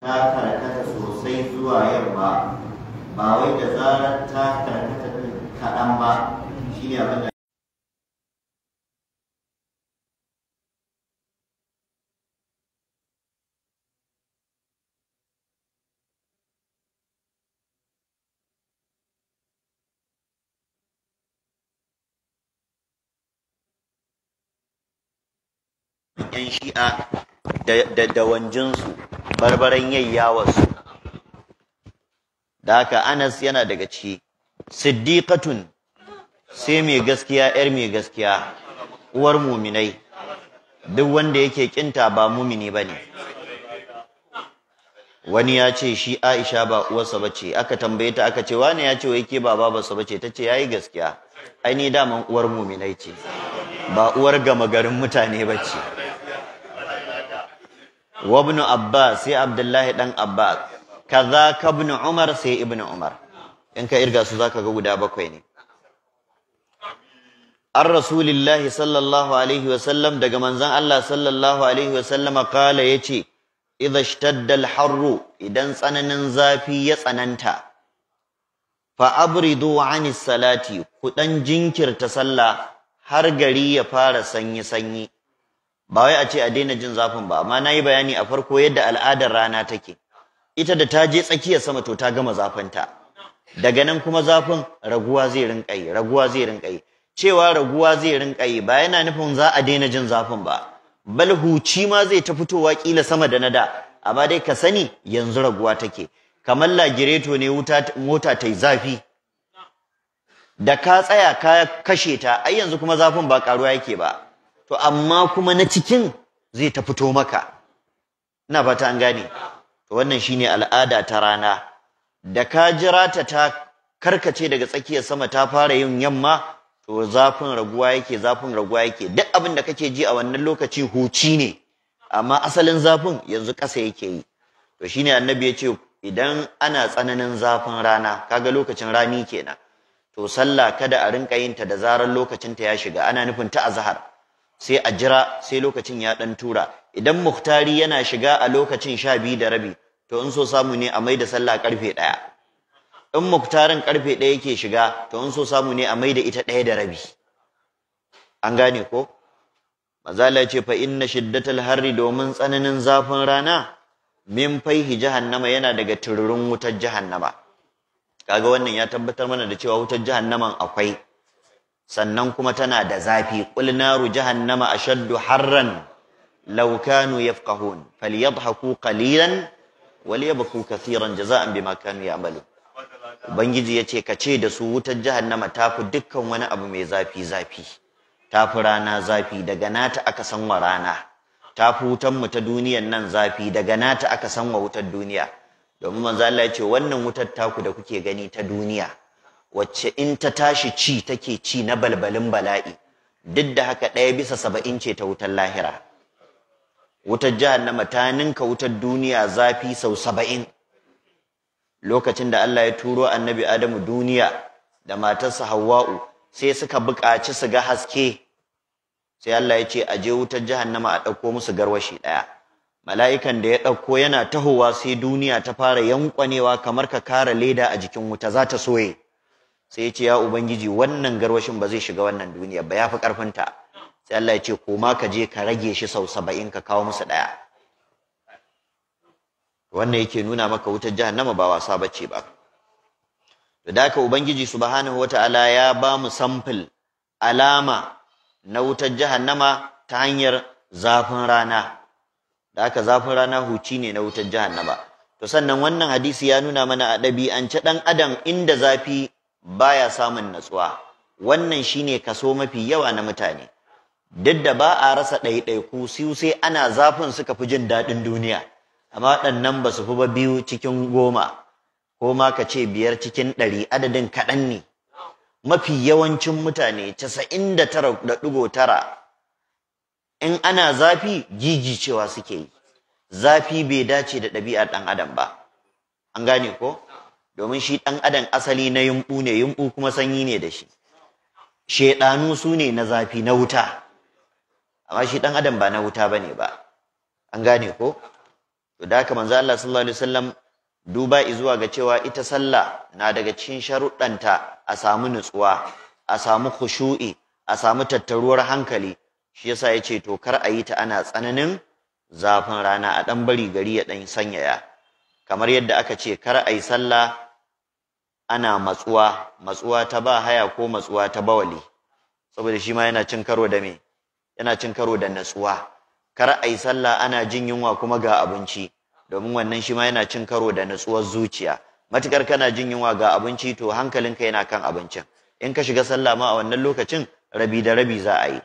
ta karkata sosai zuwa yamma ba wai da zarar ta karkata kaɗan ba shi ne abin da ‘yan shi'a da wanjinsu barbaran wasu da haka Anas yana daga ciki siddiqatun sai mai gaskiya yar mai gaskiya uwar muminai duk wanda yake kinta ba mumini bane wani ya ce shi Aisha ba uwarsa bace aka tambaye ta aka ce wani ya ce wai ke ba babarsa bace tace yayi gaskiya ai ni daman uwar muminai ce ba uwar gama garin mutane bace wa ibn abbas sai abdullahi dan abbas kaza ka ibn umar sai ibn umar in ka irga su zaka ga guda bakwai ne an rasulillahi sallallahu alaihi sallam daga manzon Allah sallallahu alaihi sallam kala yace idza ishtadda al-harru idan tsananin zafi ya tsananta fa abridu anis salati ku dan jinkirta sallah har gari ya fara sanyi sanyi ba wai a ce a daina jin zafin ba amma na yi bayani a farko yadda al'adar rana take ita da ta je tsakiyar sama to ta gama zafinta daga nan kuma zafin raguwa zai rinƙa yi raguwa zai rinka yi cewa raguwa zai rinƙa yi ba yana nufin za a daina jin zafin ba bal huci ma zai ta fitowa kila sama da na da amma dai ka sani yanzu raguwa take kamar lagireto ne wuta mota ta yi zafi da ka tsaya ka kashe ta ai yanzu kuma zafin ba karuwa yake ba to amma kuma na cikin zai ta fito maka ina fata an gane to wannan shine al'ada ta rana da ka jira ta ta karkace daga tsakiyar sama ta fara yin yamma to zafin raguwa yake zafin raguwa yake duk abin da kake ji a wannan lokaci huci ne amma asalin zafin yanzu ƙasa yake yi to shine annabi ya ce idan ana tsananin zafin rana kaga lokacin rani kenan to sallah kada a rinka yin ta da zarar lokacin ta ya shiga ana nufin ta azhar sai a jira sai lokacin ya ɗan tura idan muhtari yana shiga a lokacin sha biyu da rabi to in so samu ne a mai da sallah karfe ɗaya in muhtarin karfe ɗaya yake shiga to in so samu ne a mai da ita ɗaya da rabi an gane ko mazala ce fa inna shiddatal harri domin tsananin zafin rana min faihi jahannama yana daga tururin wutar jahannama kaga wannan ya tabbatar mana da cewa wutar jahannaman akwai sannan kuma tana da zafi qul naru jahannama ashaddu harran law kanu yafqahun falyadhaku qalilan waliyabku kathiran jazaan bima kanu yamalu. ubangiji yace kace ce da su wutar jahannama ta tafi dukkan wani abu mai zafi zafi Ta tafi rana zafi daga nata aka san wa rana tafi wutan mu ta duniyan nan zafi daga nata aka san wa wutar duniya domin manzo Allah ya wannan wutar taku da kuke gani ta duniya wacce in ta tashi ci take ci na balbalin bala'i duk da haka ɗaya bisa saba'in ce ta wutar lahira wutar jahannama ta ninka wutar duniya zafi sau saba'in lokacin da Allah ya turo annabi Adamu duniya da matarsa Hawwa'u sai suka buƙaci su ga haske sai Allah ya ce a je wutar jahannama a ɗauko musu garwashi ɗaya mala'ikan da ya ɗauko yana tahowa sai duniya ta fara yankwanewa kamar ka kara leda a jikin wuta za ta soye sai ya ce ya ubangiji wannan garwashin ba zai shiga wannan duniya ba ya fi karfinta sai Allah ya ce koma ka je ka rage shi sau saba'in ka kawo musu ɗaya wannan yake nuna maka wutar jahannama ba wasa bace ba to da ka ubangiji subhanahu wataala ya ba mu sample alama na wutar jahannama ta hanyar zafin rana da aka zafin rana huci ne na wutar jahannama to sannan wannan hadisi ya nuna mana a ɗabi'ance ɗan adam inda zafi baya samun natsuwa wannan shine kaso mafi yawa na mutane duk da ba a rasa ɗaiɗaiku su sai ana zafin suka fi jin daɗin duniya amma waɗannan ba su fi ba biyu cikin goma ko ma ka ce biyar cikin ɗari adadin kaɗan ne mafi yawancin mutane casa'in da tara da ɗigo tara in ana zafi jijicewa suke yi zafi bai dace da ɗabi'ar ɗan adam ba an gane ko domin shi ɗan adam asali na yumɓu ne yumɓu kuma sanyi ne da shi shaiɗanu su na zafi na wuta amma shi ɗan adam ba na wuta ba ne ba an gane ko to da haka manzo Allah sallallahu alaihi wasallam duba zuwa ga cewa ita sallah na daga cikin sharuɗanta a samu nutsuwa a samu khushu'i a samu tattaruwar hankali shi yasa yace to kar a yi ta ana tsananin zafin rana a ɗan bari gari ya ɗan sanyaya kamar yadda aka ce kar a yi sallah ana matsuwa matsuwa ta ba haya ko matsuwa ta bawali saboda shi ma yana cin karo da me yana cin karo da natsuwa kar a sallah ana jin yunwa kuma ga abinci domin wannan shi ma yana cin karo da natsuwar zuciya matukar kana jin yunwa ga abinci to hankalinka yana kan abincin in ka shiga sallah ma a wannan lokacin rabi da rabi za a yi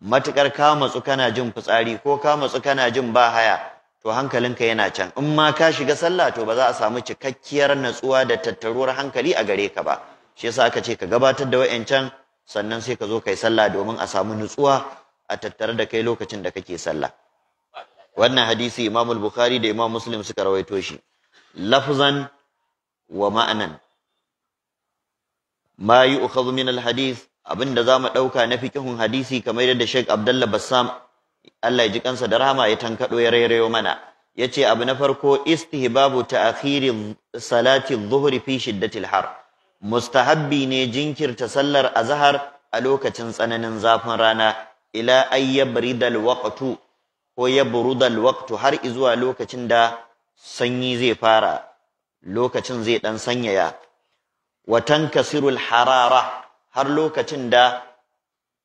matukar ka matsu kana jin fitsari ko ka matsu kana jin ba haya to hankalinka yana can in ma ka shiga sallah to ba za a samu cikakkiyar natsuwa da tattaruwar hankali a gare ka ba shi yasa aka ce ka gabatar da wa'yancan sannan sai ka zo kai sallah domin a samu nutsuwa a tattare da kai lokacin da kake sallah wannan hadisi Imam al-Bukhari da Imam Muslim suka rawaito shi lafzan wa ma'anan ma yu'khadhu min al-hadith abinda zamu dauka na fikihun hadisi kamar yadda Sheikh Abdullah Bassam Allah ya ji kansa da rahama ya tankado ya rairayo mana yace abu na farko istihbabu ta'khiri salati adh-dhuhri fi shiddatil har mustahabbi ne jinkirta sallar azhar a lokacin tsananin zafin rana ila ayyabridal waqtu ko yabrudal waqtu har zuwa lokacin da sanyi zai fara lokacin zai dan sanyaya wa tankasirul harara har lokacin da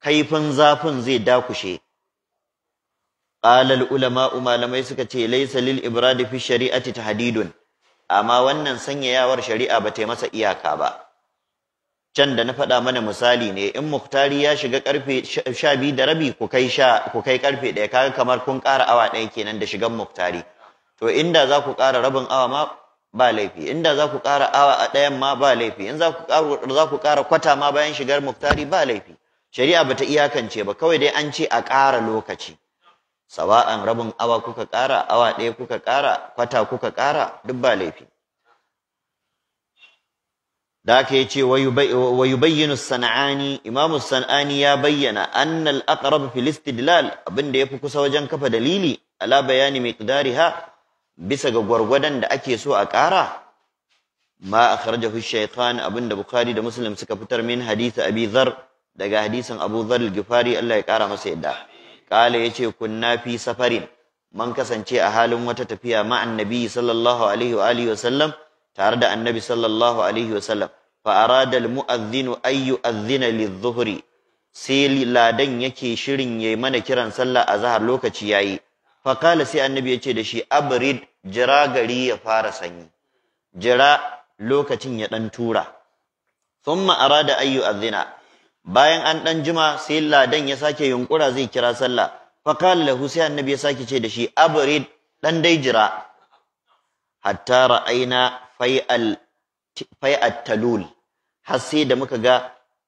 kaifin zafin zai dakushe qalal ulama malamai suka ce laysa lil ibrad fi shari'ati tahdidun amma wannan sanyayawar shari'a ba ta masa iyaka ba can da na faɗa mana misali ne in muktari ya shiga karfe 12 da rabi ku kai sha ku kai karfe 1 kaga kamar kun ƙara awa ɗaya kenan da shigan muktari to inda za ku ƙara rabin awa ma ba laifi inda za ku ƙara awa a ɗayan ma ba laifi in za ku ƙara za ku ƙara kwata ma bayan shigar muktari ba laifi shari'a bata iyakance ba kawai dai an ce a ƙara lokaci sawa'an rabin awa kuka kara, awa ɗaya kuka ƙara kwata kuka ƙara duk ba laifi da aka yace wa yubayyinu sana'ani imamu sana'ani ya bayyana anna aqrab fil istidlal abinda yafi kusa wajen kafa dalili ala bayani miqdariha bisa ga gwargwadon da ake so a ƙara ma akhrajahu shaytan abinda bukhari da muslim suka fitar min hadisi abi dhar daga hadisin abu dhar al-ghifari Allah ya ƙara masa yadda kala yace kunna fi safarin man kasance a halin wata tafiya ma annabi sallallahu alaihi wa alihi wasallam tare da annabi sallallahu alaihi wasallam fa arada al mu'adhdhinu ay yu'adhdhina lidh sai ladan yake shirin yayi mana kiran sallah azhar lokaci yayi fa sai annabi yace da shi abrid jira gari ya fara sanyi jira lokacin ya dan tura thumma arada ay yu'adhdhina bayan an dan jima sai ladan ya sake yunkura zai kira sallah fa qala lahu sai annabi ya sake ce da shi abrid dan dai jira hatta ra'aina fai'al fai'at talul har sai da muka ga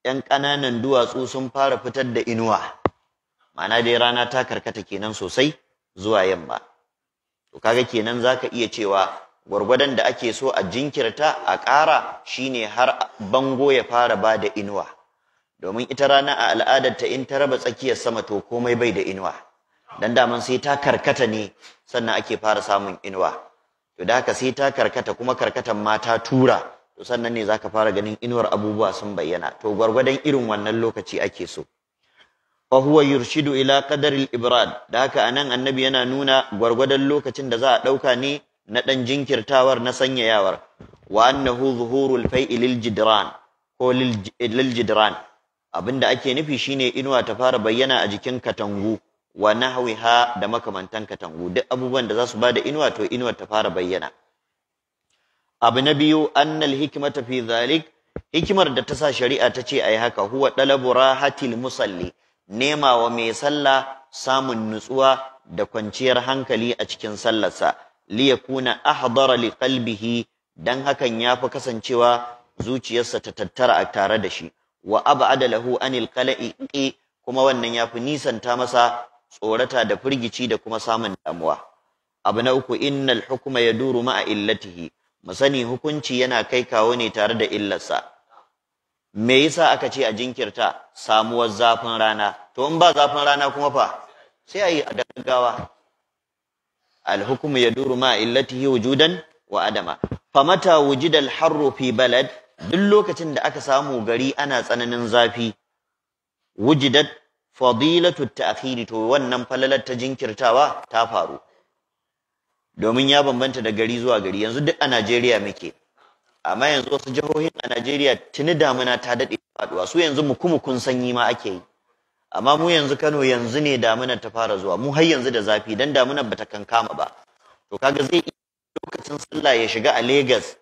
yan kananan duwatsu sun fara fitar da inuwa ma'ana dai rana ta karkata kenan sosai zuwa yamma to kaga kenan zaka iya cewa gwargwadon da ake so a jinkirta a ƙara shine har bango ya fara ba da inuwa domin ita rana a al'adar ta in ta raba tsakiyar sama to komai bai da inuwa dan daman sai ta karkata ne sannan ake fara samun inuwa to da haka sai ta karkata kuma karkatan ma ta tura to sannan ne zaka fara ganin inuwar abubuwa sun bayyana to gwargwadon irin wannan lokaci ake so fa huwa yurshidu ila qadaril ibrad da haka anan annabi yana nuna gwargwadon lokacin da za a dauka ne na dan jinkirtawar na sanyayawar wa annahu zuhurul fai'il lil jidran ko lil jidran Abin da ake nufi shine inuwa ta fara bayyana a jikin katangu wa nahwiha da makamantan katangu duk abubuwan da za su da inuwa to inuwar ta fara bayyana abu na biyu annal hikmata fi zalik hikimar da ta sa shari'a ta ce ayi haka huwa dalabu rahatil musalli nema wa mai salla samun nutsuwa da kwanciyar hankali a cikin sallarsa li yakuna ahdara li qalbihi dan hakan fi kasancewa zuciyarsa ta tattara a tare da shi wa ab'ada lahu anil qala'i eh, kuma wannan yafi nisanta masa tsorata da firgici da kuma samun damuwa abu na uku innal hukma yaduru ma'a illatihi mu sani hukunci yana kai kawo ne tare da illarsa me yasa aka ce a jinkirta samuwar zafin rana to in ba zafin rana kuma fa sai a yi a gaggawa alhukumu yaduru ma illatihi wujudan wa adama famata wujida alharru fi balad duk lokacin da aka samu gari ana tsananin zafi wujidat fadilatu ta'khiri to wannan falalar ta jinkirtawa ta faru domin ya bambanta da gari zuwa gari yanzu duk a Najeriya muke amma yanzu wasu jihohin a Najeriya tuni damuna ta dade faduwa su yanzu mukumukun sanyi ma ake yi amma mu yanzu Kano yanzu ne damunar ta fara zuwa mu har yanzu da zafi dan damunar bata kankama ba to kaga zai lokacin sallah ya shiga a Lagos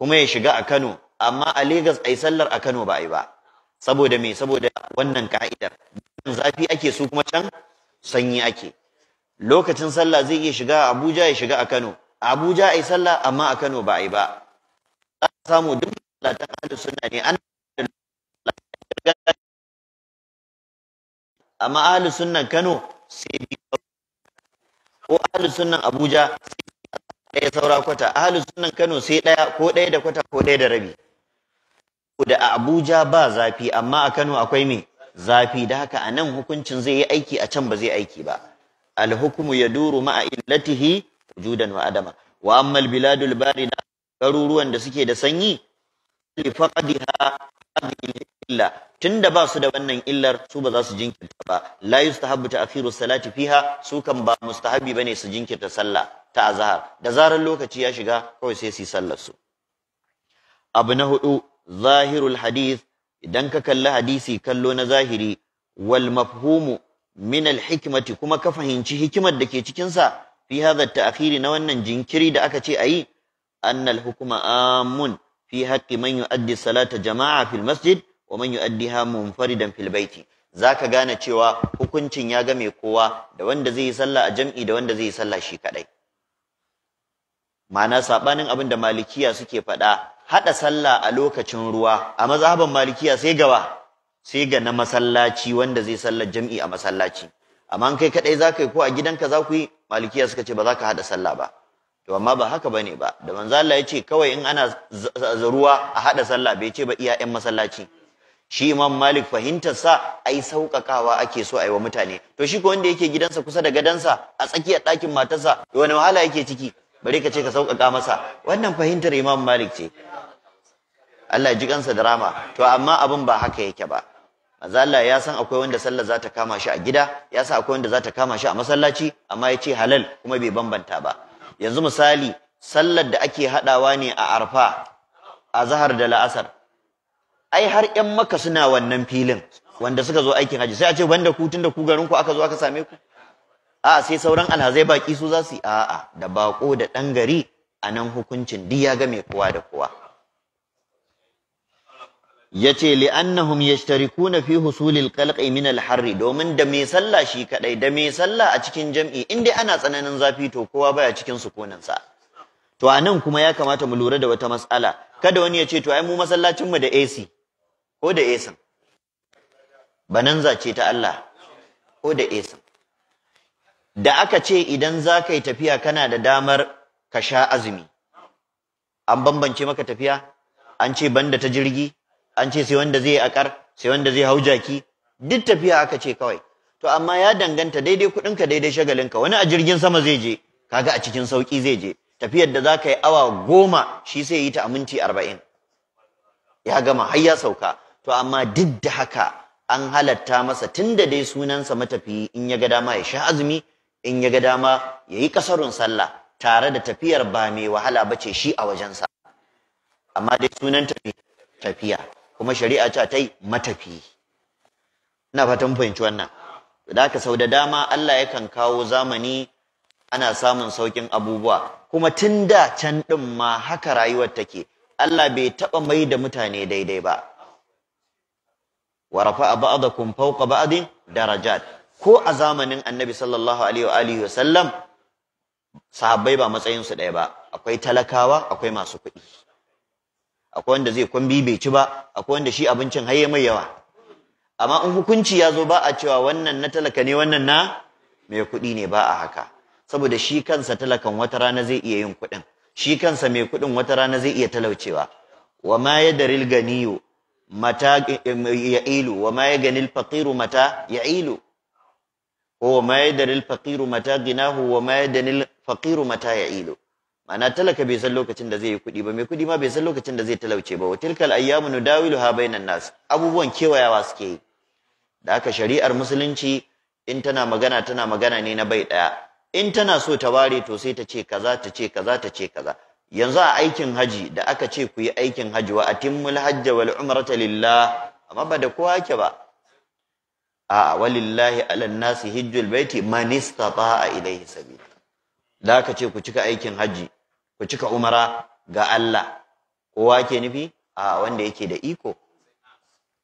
kuma ya shiga a Kano amma a Lagos ai sallar a Kano ba ai ba saboda me saboda wannan ka'idar zafi ake su kuma can sanyi ake lokacin sallah zai iya shiga a Abuja ya shiga a Kano Abuja ai sallah amma a Kano ba ai ba za samu duk latan ahlus sunna ne an amma ahlus sunnan Kano sai bi ko ahlus sunnan Abuja sai ɗaya saura kwata halin sunan Kano sai ɗaya ko ɗaya da kwata ko ɗaya da rabi da a Abuja ba zafi amma a Kano akwai mai zafi da haka a nan hukuncin zai yi aiki a can ba zai aiki ba alhukumu duru ma'a illatihi wujudan wa adama wa amma biladul barida garuruwan da suke da sanyi li illa tunda ba su da wannan illar su ba za su jinkirta ba la yustahabbu ta'khiru salati fiha su kan ba mustahabi bane su jinkirta sallah ta azhar da zarar lokaci ya shiga kawai sai su sallar su abu na hudu zahirul hadith idan ka kalli hadisi kallo na zahiri wal mafhumu min al hikmati kuma ka fahimci hikimar da ke cikin sa fi hadha ta'khiri na wannan jinkiri da aka ce ayi annal hukuma amun fi haƙƙi man yu'addi salata jama'a fil masjid wa man yu'addiha munfaridan fil baiti zaka gane cewa hukuncin ya mai kowa da wanda zai yi sallah a jam'i da wanda zai yi sallah shi kadai ma'ana saɓanin abin da malikiya suke faɗa haɗa sallah a lokacin ruwa a mazhaban malikiya sai gawa sai ga na masallaci wanda zai sallar jam'i a masallaci amma kai kadai zaka yi ko a gidanka za ku yi malikiya suka ce ba za ka hada sallah ba to amma ba haka bane ba da manzo Allah ya ce kawai in ana zaruwa a hada sallah bai ce ba iya masallaci shi Imam Malik fahimtar sa ai saukakawa ake so ai wa mutane to shi ko wanda yake gidansa kusa da gadansa a tsakiyar ɗakin matarsa wani wahala yake ciki bari ka ce ka saukaka masa wannan fahimtar Imam Malik ce Allah ji kansa da rama to amma abin ba haka yake ba manzo ya san akwai wanda sallah za ta kama shi a gida ya san akwai wanda za ta kama shi a masallaci amma ya ce halal kuma bai bambanta ba yanzu misali sallar da ake haɗawa ne a arfa a zahar da la'asar ai har 'yan maka suna wannan filin wanda suka zo aikin haji sai a ce banda ku tunda ku garin ku aka zo aka same ku a sai sauran alhazai baki su za su yi a'a da bako da ɗan gari a nan hukuncin duk ya ga mai kowa da kowa Ya yace li'annahum yashtarikuna fi husulil qalqi min al-harr domin da mai sallah shi kadai da mai sallah a cikin jam'i inda ana tsananin zafi to kowa baya cikin sukunin sa to anan kuma ya kamata mu lura da wata mas'ala kada wani ya ce to ai mu masallacin mu da AC ko da AC bananza ce ta Allah ko da AC da aka ce idan zaka yi tafiya kana da damar ka sha azumi an bambance maka tafiya an ce banda ta jirgi an ce sai wanda zai akar sai wanda zai hau jaki duk tafiya aka ce kawai to amma ya danganta daidai kudinka daidai shagalinka wani a jirgin sama zai je kaga a cikin sauki zai je tafiyar da zaka yi awa goma shi sai yi ta aminti arba'in ya gama har ya sauka to amma duk da haka an halatta masa tun da dai sunansa matafiyi in ya ga dama ya sha azumi in ya ga dama ya yi kasarun sallah tare da tafiyar ba mai wahala ba ce shi a wajensa amma dai sunan tafiya kuma shari'a ce ta yi matafi ina fatan fahimci wannan da aka sau da dama Allah yakan kawo zamani ana samun sauƙin abubuwa kuma tun da can ɗin ma haka rayuwar take Allah bai taɓa mai da mutane daidai ba a rafa'a kun fauka ba'adin darajat ko a zamanin annabi sallallahu alaihi wa sallam, sahabbai ba matsayin su ɗaya ba akwai talakawa akwai masu kuɗi akwai wanda zai kwambi bai ci ba akwai wanda shi abincin haye mai yawa amma in hukunci ya zo ba a cewa wannan na talaka ne wannan na mai kuɗi ne ba a haka saboda shi kansa talakan wata rana zai iya yin kuɗin shi kansa mai kuɗin wata rana zai iya talaucewa wa ma ya daril ganiyo mata eh, ya ilu wa ma ya ganil faqiru mata ya Ko wa ma ya daril faqiru mata ginahu wa ma ya daril faqiru mata ya ilu ma'ana talaka bai san lokacin da zai yi kuɗi ba mai kuɗi ma bai san lokacin da zai talauce ba watilkal ayyamu ha bainan nas abubuwan kewayawa suke yi da aka shari'ar musulunci in tana magana tana magana ne na bai ɗaya in tana so ta ware to sai ta ce kaza ta ce kaza ta ce kaza yanzu a aikin haji da aka ce ku yi aikin haji wa atimmul hajja wal umrata lillah amma ba da kowa yake ba a'a walillahi ala nasi hijjul baiti man istata ilayhi sabila da aka ce ku cika aikin haji ku cika umara ga Allah kowa ke nufi a wanda yake da iko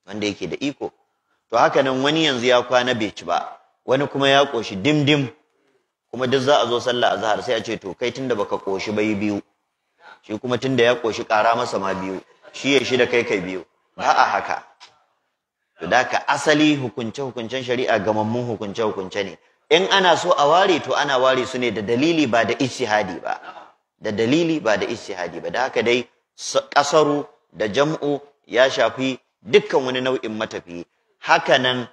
wanda yake da iko to haka nan wani yanzu ya kwana bai ci ba wani kuma ya koshi dimdim kuma duk za a zo sallah azhar sai a ce to kai tunda baka koshi bai biyu shi kuma tunda ya koshi kara masa ma biyu shi ya shi da kai kai biyu ba a haka to da asali hukunce hukuncen shari'a gamammun hukunce hukunce ne in ana so a ware to ana ware su ne da dalili ba da ijtihadi ba da dalili ba da istihadi ba da haka dai kasaru da jam'u ya shafi dukkan wani nau'in matafi hakanan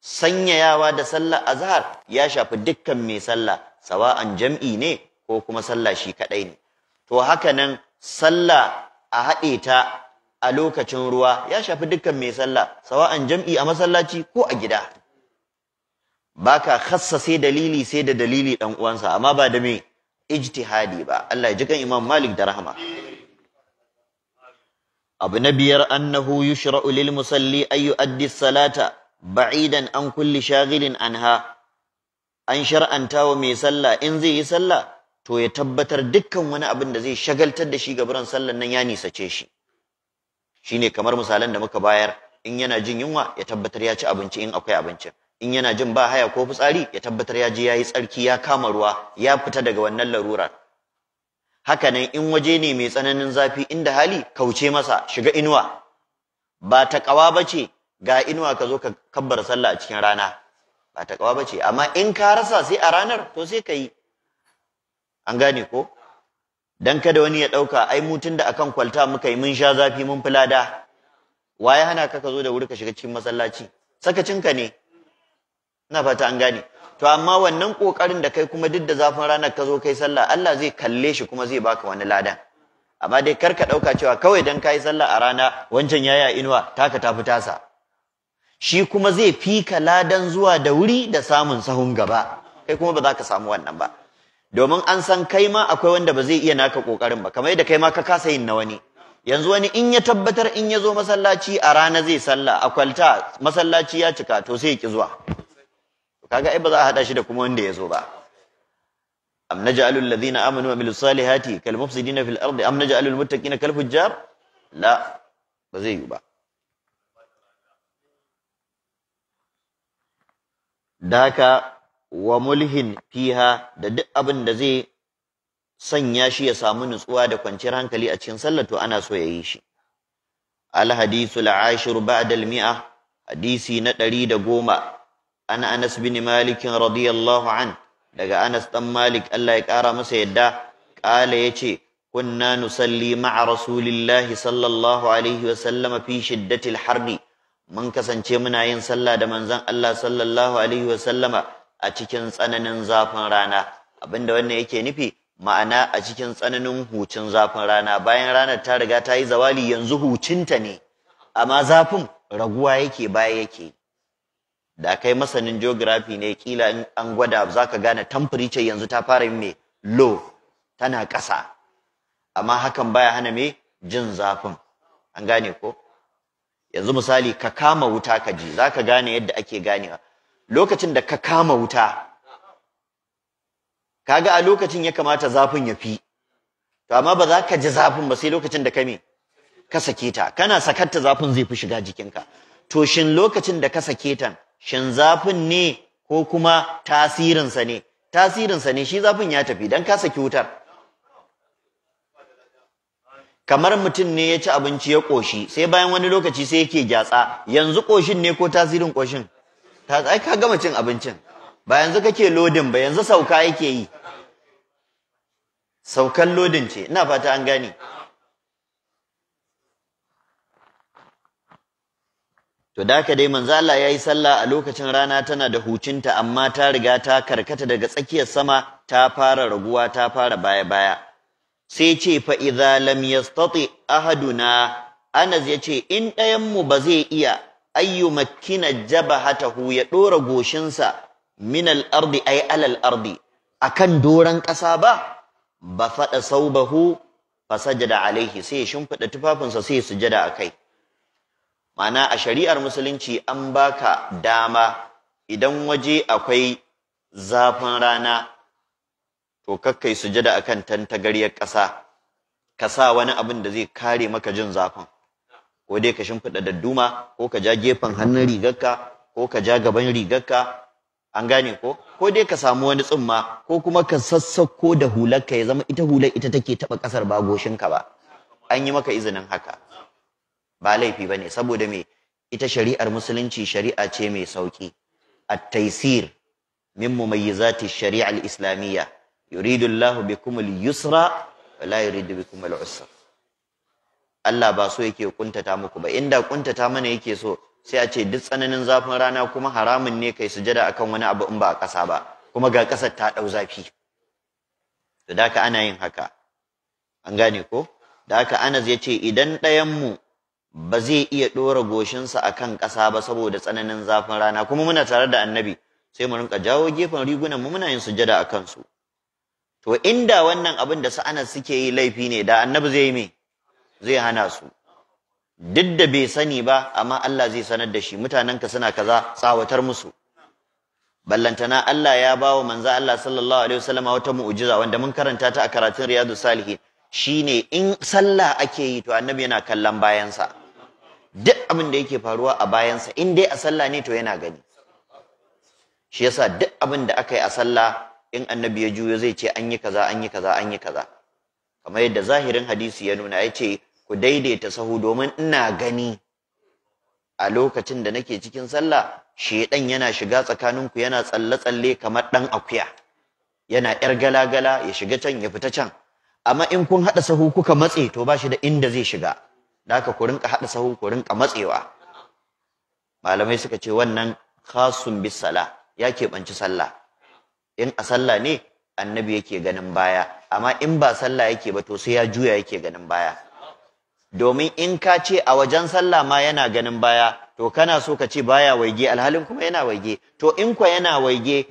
sanyayawa da sallar azhar ya shafi dukkan mai sallah sawa'an jam'i ne ko kuma sallah shi kadai ne to hakanan sallah a haɗe ta a lokacin ruwa ya shafi dukkan mai sallah sawa'an jam'i a masallaci ko a gida baka khassa sai dalili sai da dalili dan uwansa amma ba da me ijtihadi ba Allah ya jikan Imam Malik da rahama abu na biyar annahu yushra'u lil musalli an yu'addi salata ba'idan an kulli shaghilin anha an shar'anta wa mai sallah in zai yi sallah to ya tabbatar dukkan wani abin da zai shagaltar da shi ga buran sallan nan ya nisace shi shine kamar misalan da muka bayar in yana jin yunwa ya tabbatar ya ci abinci in akwai abincin in yana jin ba haya ko fitsari ya tabbatar ya je ya yi tsarki ya kama ruwa ya fita daga wannan larurar haka nan in waje ne mai tsananin zafi inda hali kauce masa shiga inuwa ba ta kawa ce, ga inuwa ka zo ka kabbar sallah a cikin rana ba ta kawa bace amma in ka rasa sai a ranar to sai ka yi an gane ko dan kada wani ya dauka ai mutun da akan kwalta muka yi mun sha zafi mun fulada waye hana ka ka zo da wuri ka shiga cikin masallaci sakacinka ne ina fata an gane to amma wannan kokarin da kai kuma duk da zafin ranar ka zo kai sallah Allah zai kalle shi kuma zai baka wani ladan amma dai kar ka ɗauka cewa kawai dan kai sallah a rana wancan yaya inuwa taka ta tasa tasa. shi kuma zai fika ladan zuwa da wuri da samun sahun gaba kai kuma ba za ka samu wannan ba domin an san kai ma akwai wanda ba zai iya naka kokarin ba kamar yadda kai ma ka kasa yin na wani yanzu wani in ya tabbatar in ya zo masallaci a rana zai sallah a kwalta masallaci ya cika to sai ya ki zuwa kaga ai ba za a hada shi da kuma wanda ya zo ba am naj'alu alladhina amanu wa amilus salihati kal mufsidina fil ardi am naj'alu al muttaqina kal fujjar la ba zai yi ba daka wa mulhin fiha da duk abin da zai sanya shi ya samu nutsuwa da kwanciyar hankali a cikin sallah to ana so ya yi shi al hadithu al ashir ba'da al mi'a hadisi na ɗari da goma an Anas bin malikin radiyallahu an daga Anas dan Malik Allah ya kara masa yadda kala yace kunna nusalli ma'a rasulillahi sallallahu alaihi wa sallama fi shiddatil harri mun kasance muna yin sallah da manzon Allah sallallahu alaihi wa sallama a cikin tsananin zafin rana abinda wannan yake nufi ma'ana a cikin tsananin hucin zafin rana bayan ranar ta riga ta yi zawali yanzu hucinta ne amma zafin raguwa yake baya yake da kai masanin geography ne kila in an gwada za ka gane temperature yanzu ta fara yin me low tana ƙasa amma hakan baya hana me jin zafin an gane ko yanzu misali ka kama wuta ka ji za ka gane yadda ake ganewa lokacin da ka kama wuta kaga a lokacin ya kamata zafin ya fi to amma ba za ka ji zafin ba sai lokacin da ka me ka sake ta kana sakatta zafin zai fi shiga jikinka to shin lokacin da ka sake ta shin zafin ne ko kuma tasirinsa ne tasirinsa ne shi zafin ya tafi don ka saki wutar kamar mutum ne ya ci abinci ya ƙoshi sai bayan wani lokaci sai yake gyatsa yanzu ƙoshin ne ko tasirin ƙoshin ai ka gama cin abincin ba yanzu kake lodin ba yanzu sauka yake yi saukan lodin ce ina fata an gane to da ka dai manzo Allah yi sallah a lokacin rana tana da hucinta amma ta riga ta karkata daga tsakiyar sama ta fara raguwa ta fara baya baya sai ce fa idza lam yastati ahaduna Anas yace in ɗayan mu ba zai iya ayyu makkina jabahatahu ya dora goshinsa min al-ardi ay alal ardi akan doran ƙasa ba ba fada saubahu sajada alaihi sai shin fada tufafinsa sai sujada akai ma'ana a shari'ar musulunci an baka dama idan waje akwai zafin rana to kakkai sujada akan tantagaryar ƙasa ka sa wani abin da zai kare maka jin zafin ko dai ka shimfiɗa dadduma ko ka ja gefen hannun rigarka ko ka ja gaban rigarka an gane ko ko dai ka samu wani tsumma ko kuma ka sassako da hularka ya zama ita hular ita take taɓa ƙasar ba goshinka ba an yi maka izinin haka ba laifi bane saboda me ita shari'ar musulunci shari'a ce mai sauki at-taysir min mumayyizati shari'a al-islamiyya yuridu Allahu bikum al-yusra wa la yuridu bikum al-usra Allah ba so yake kuntata muku ba inda kuntata mana yake so sai a ce duk tsananin zafin rana kuma haramun ne kai sujada akan wani abu in ba a ƙasa ba kuma ga ƙasar ta ɗau zafi to da ana yin haka an gane ko da Anas ya ce idan mu. ba zai iya ɗora goshinsa a kan ƙasa ba saboda tsananin zafin rana kuma muna tare da annabi sai mu rinka jawo gefen rigunan mu muna yin sujada a kansu to inda wannan abin da sa'ana suke yi laifi ne da annabi zai yi me zai hana su duk da bai sani ba amma Allah zai sanar da shi mutanenka suna kaza tsawatar musu ballantana Allah ya bawa manzo Allah sallallahu alaihi wasallam wata mu'jiza wanda mun karanta ta a karatun Riyadu Salihin shine in sallah ake yi to annabi yana kallon bayansa duk abin da yake faruwa a bayansa in dai a sallah ne to yana gani shi yasa duk abin da aka yi a sallah in annabi ya juyo zai ce an yi kaza an yi kaza an yi kaza kamar yadda zahirin hadisi ya nuna ya ce ku daidaita sahu domin ina gani a lokacin da nake cikin sallah shedan yana shiga tsakaninku yana tsalle-tsalle kamar dan akuya yana yar gala ya shiga can ya fita can amma in kun haɗa sahu kuka matse to ba shi da inda zai shiga da aka ku rinka haɗa sahu ku rinka matsewa malamai suka ce wannan khasun bis sala ya keɓanci sallah in a sallah ne annabi yake ganin baya amma in ba sallah yake ba to sai ya juya yake ganin baya domin in ka ce a wajen sallah ma yana ganin baya to kana so ka ce baya waige alhalin kuma yana waige to in kwa yana waige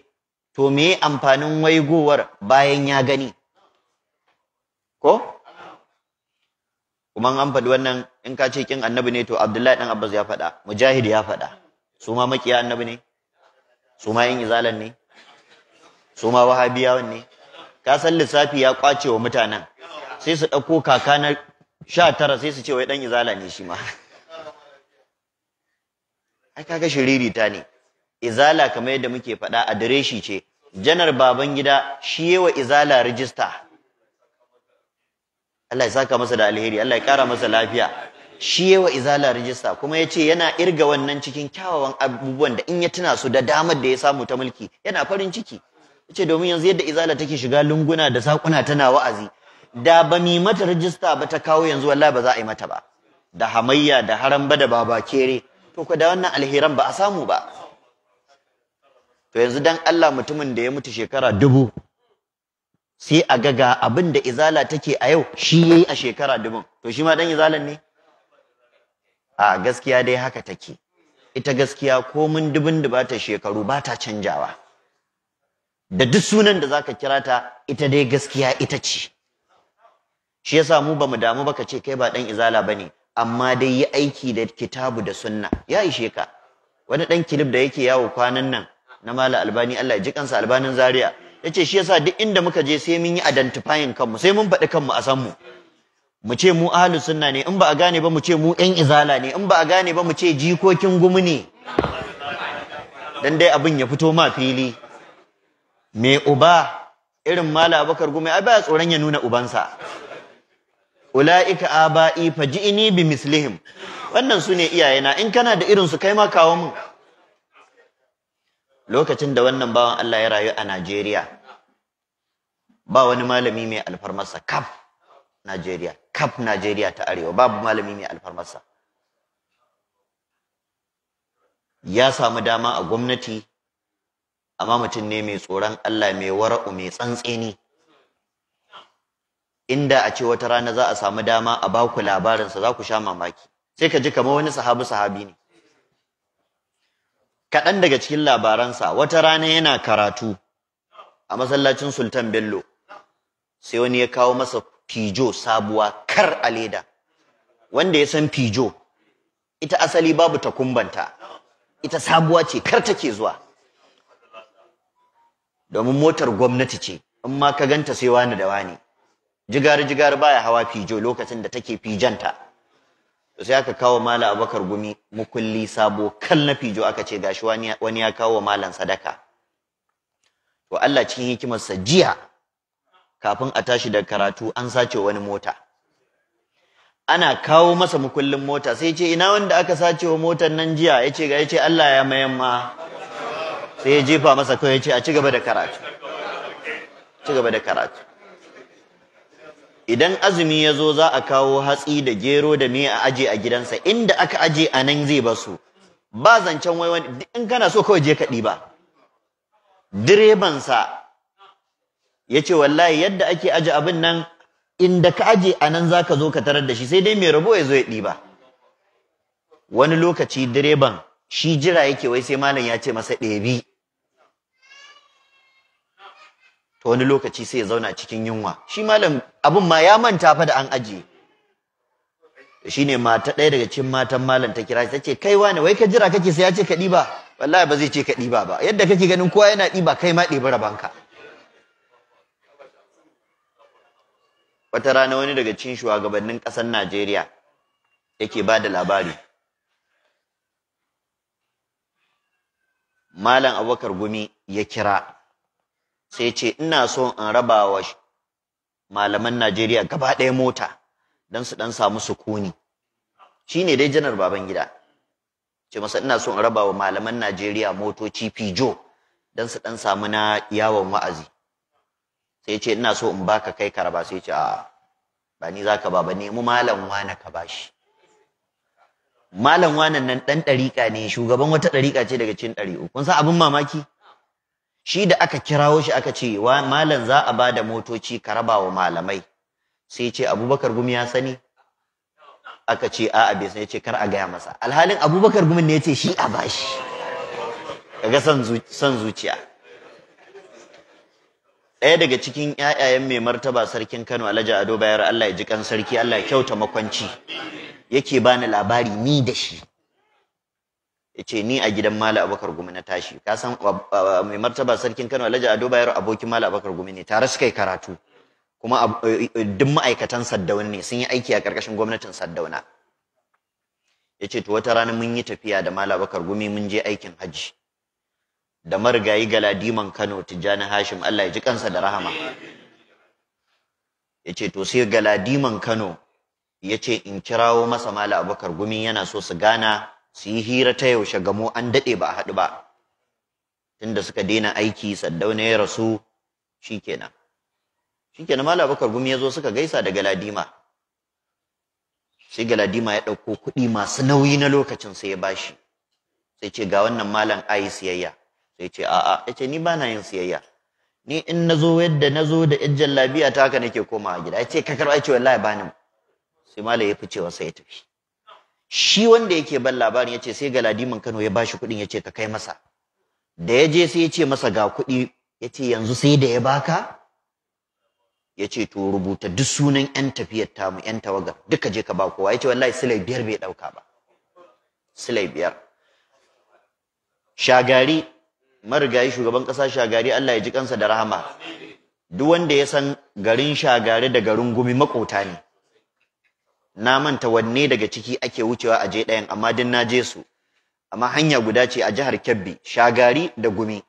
to me amfanin waigowar bayan ya gani ko kuma an faɗi wannan in ka ce kin annabi ne to Abdullahi dan Abbas ya faɗa Mujahid ya faɗa su ma makiya annabi ne su ma yin izalan ne su ma wahabiya ne ka san lissafi ya kwace wa mutanen sai su ɗauko kaka na sha tara sai su ce wai ɗan izala ne shi ma ai kaga ta ne izala kamar yadda muke faɗa adireshi ce janar baban gida shi yawa izala rijista Allah ya saka masa da alheri Allah ya kara masa lafiya shi yawa izala rijista kuma ya ce yana irga wannan cikin kyawawan abubuwan da in ya tuna su da damar da ya samu ta mulki yana farin ciki ya domin yanzu yadda izala take shiga lunguna da sakuna tana wa'azi da ba mi mata rijista ba ta kawo yanzu wallahi ba za a yi mata ba da hamayya da ba da baba kere to ko da wannan alheran ba a samu ba to yanzu dan Allah mutumin da ya mutu shekara dubu sai a gaga ga abin da izala take a yau shi ya yi a shekara dubin to shi ma dan izalan ne a gaskiya dai haka take ita gaskiya komin dubin ta shekaru ba ta canjawa da duk sunan da zaka kira ta ita dai gaskiya ita ce shi yasa mu bamu damu ba ka ce kai ba dan izala bane amma dai yi aiki da kitabu da sunna ya ishe ka wani dan kilib da yake yawo kwanan nan na mala albani Allah ya ji kansa albanin zaria yace shi yasa duk inda muka je sai mun yi identifying kanmu sai mun faɗi kanmu a san mu mu ce mu ahlus sunna ne in ba a gane ba mu ce mu ƴan izala ne in ba a gane ba mu ce jikokin gumu ne dan dai abin ya fito ma fili me uba irin mala abakar gumi ai ba tsoron ya nuna ubansa ulaika aba'i faji'ni bi mislihim wannan su ne iyayena in kana da irin su kai ma kawo mun lokacin da wannan bawan Allah ya rayu a Najeriya ba wani malami mai alfarmarsa kaf Najeriya kaf Najeriya ta arewa babu malami mai alfarmarsa ya samu dama a gwamnati amma mutum ne mai tsoron Allah mai wara'u mai tsantseni inda a ce wata rana za a samu dama a baku labarinsa za ku sha mamaki sai ka ji kamar wani sahabi sahabi ne kaɗan daga cikin labaransa wata rana yana karatu a masallacin sultan bello sai wani ya kawo masa fijo sabuwa kar a leda wanda ya san fijo ita asali babu ta kumbanta ita sabuwa ce kar take zuwa domin motar gwamnati ce in ma ka ganta sai wani da wani jigar-jigar baya hawa fijo lokacin da take fijanta sai aka kawo mala abakar gumi mukulli sabo kan na fijo aka ce gashi wani ya kawo malan sadaka to Allah cikin hikimarsa jiya kafin a tashi da karatu an sace wani mota ana kawo masa mukullin mota sai ce ina wanda aka sace wa motar nan jiya ya ce ga ya ce Allah ya mayan ma sai ya jefa masa kawai ya ce a ci gaba da karatu ci gaba da karatu idan azumi ya zo za a kawo hatsi da gero da me a aje a gidansa inda aka aje a nan zai basu ba zancen wai wani in kana so kawai je ka ɗiba direbansa ya ce wallahi yadda ake aje abin nan inda ka aje a nan za ka zo ka tarar da shi sai dai mai rabo ya zo ya ɗiba wani lokaci direban shi jira yake wai sai malam ya ce masa ɗebi to wani lokaci sai ya zauna cikin yunwa shi malam abin ma ya manta fa da an ajiye shi ne mata ɗaya daga cikin matan malam ta kira ta ce kai wane wai ka jira kake sai ya ce ka ɗiba wallahi ba zai ce ka ɗiba ba yadda kake ganin kowa yana ɗiba kai ma ɗibi rabanka wata rana wani daga cikin shugabannin ƙasar Najeriya yake ba da labari Malam Abubakar Gumi ya kira sai ce ina so in raba wa malaman Najeriya gaba ɗaya mota don su ɗan samu sukuni shi ne dai janar Babangida ce masa ina so in raba wa malaman Najeriya motoci Pijo don su ɗan samu na yawon wa'azi sai ce ina so in baka kai ka raba sai ce a ba ni zaka ba ba nemi malam wane ka bashi malam wanan nan ɗan ɗariƙa ne shugaban wata ɗariƙa ce daga cikin ɗari'u kun san abin mamaki shi da aka kirawo shi aka ce wa malam za a bada motoci ka raba wa malamai sai ce abubakar gumi ya sani aka ce a'a bai sai ce kar a gaya masa alhalin abubakar gumin ne ya ce shi a bashi kaga son zuciya ɗaya daga cikin ƴaƴayen mai martaba sarkin Kano Alhaji Ado Bayar Allah ya ji kan sarki Allah ya kyauta makwanci yake bani labari ni da shi yace ni a gidan Malam Abubakar Gumi na tashi ka san mai martaba sarkin Kano Alhaji Ado Bayero abokin Malam Abubakar Gumi ne tare suka yi karatu kuma eh, eh, duk ma'aikatan Saddauna ne sun yi aiki a ƙarƙashin gwamnatin Saddauna yace to wata rana mun yi tafiya da Malam Abubakar Gumi mun je aikin hajji da marigayi Galadiman Kano Tijjani Hashim Allah ya ji kansa da rahama yace to sai Galadiman Kano yace in kirawo masa Malam Abubakar Gumi yana so su gana su yi hira ta yaushe gamo an daɗe ba a haɗu ba tunda suka daina aiki saddauna ya rasu shi shi shikenan malam bakar gumi ya zo suka gaisa da galadima sai galadima ya ɗauko kuɗi masu nauyi na lokacin sai ya bashi sai ce ga wannan malam yi siyayya sai ce a'a ya ce ni ba yin siyayya ni in na zo yadda na zo da ijjan labiya ta haka nake komawa gida ya ce ka karɓa ce wallahi ba ni sai malam ya fi cewa sai ya tafi shi wanda yake ban labarin yace sai ga Ladiman Kano ya bashi kuɗin yace ka kai masa da ya je sai yace masa ga kuɗi yace ce yanzu sai da ya baka ya ce to rubuta duk sunan 'yan tafiyar tamu 'yan tawagar duka je ka ba kowa ya ce wallahi silai biyar bai ɗauka ba silai biyar shagari marigayi shugaban ƙasa shagari Allah ya ji kansa da rahama duk wanda ya san garin shagari da garin gumi makota ne na manta wanne daga ciki ake wucewa a je ɗayan amma din na je su amma hanya guda ce a jihar Kebbi Shagari da Gumi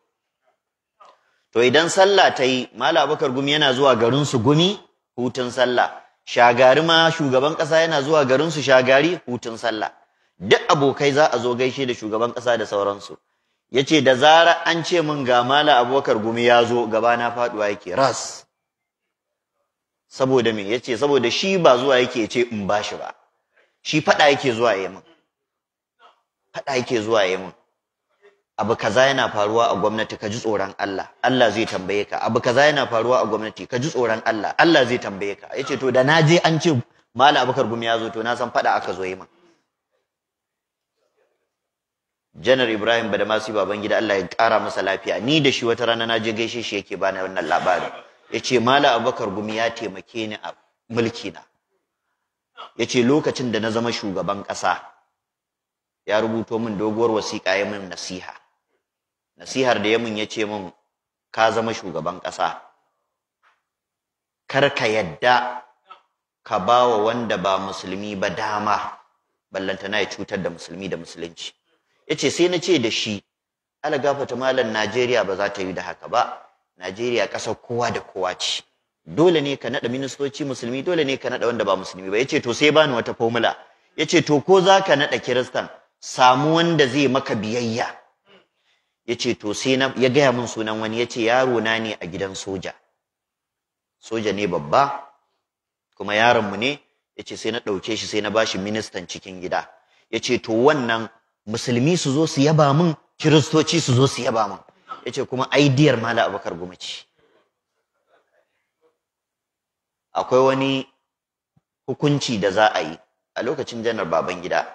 to idan sallah ta yi Malam abokar Gumi yana zuwa garin su Gumi hutun sallah Shagari ma shugaban ƙasa yana zuwa garin su Shagari hutun sallah duk abokai za a zo gaishe da shugaban ƙasa da sauransu yace da zara an ce min ga Malam abokar Gumi ya zo gaba na faduwa yake ras saboda me yace saboda shi ba zuwa yake ce in bashi ba shi fada yake zuwa yayi min fada yake zuwa yayi min abu kaza yana faruwa a gwamnati ka ji tsoron Allah Allah zai tambaye ka abu kaza yana faruwa a gwamnati ka ji tsoron Allah Allah zai tambaye ka yace to da na je an ce mala abukar gumi ya zo to na san fada aka zo yi min janar ibrahim badamasi baban gida Allah ya kara masa lafiya ni da shi wata rana na je gaishe shi yake bani wannan labarin Yace ce mala abubakar gumi ya taimake ni a mulki na. Yace lokacin da na zama shugaban kasa, ya rubuto min doguwar wasiƙa ya min nasiha nasihar da ya min ya ce min ka zama shugaban kasa. kar ka yadda ka ba wa wanda ba musulmi ba dama ballantana ya cutar da musulmi da musulunci Yace sai na ce da shi ala gafata malam najeriya ba za ta yi da haka ba Najeriya ƙasar kowa da kowa ce dole ne ka naɗa ministoci musulmi dole ne ka naɗa wanda ba musulmi ba yace to sai bani wata formula yace to ko za ka naɗa kiristan samu wanda zai maka biyayya yace to sai na ya gaya min sunan wani yace yaro na ne a gidan soja soja ne babba kuma yaron mu ne yace sai na ɗauke shi sai na bashi ministan cikin gida yace to wannan musulmi su zo su yaba min kiristoci su zo su yaba min yace kuma aidiyar mala abokar goma ce akwai wani hukunci da za a yi a lokacin janar baban gida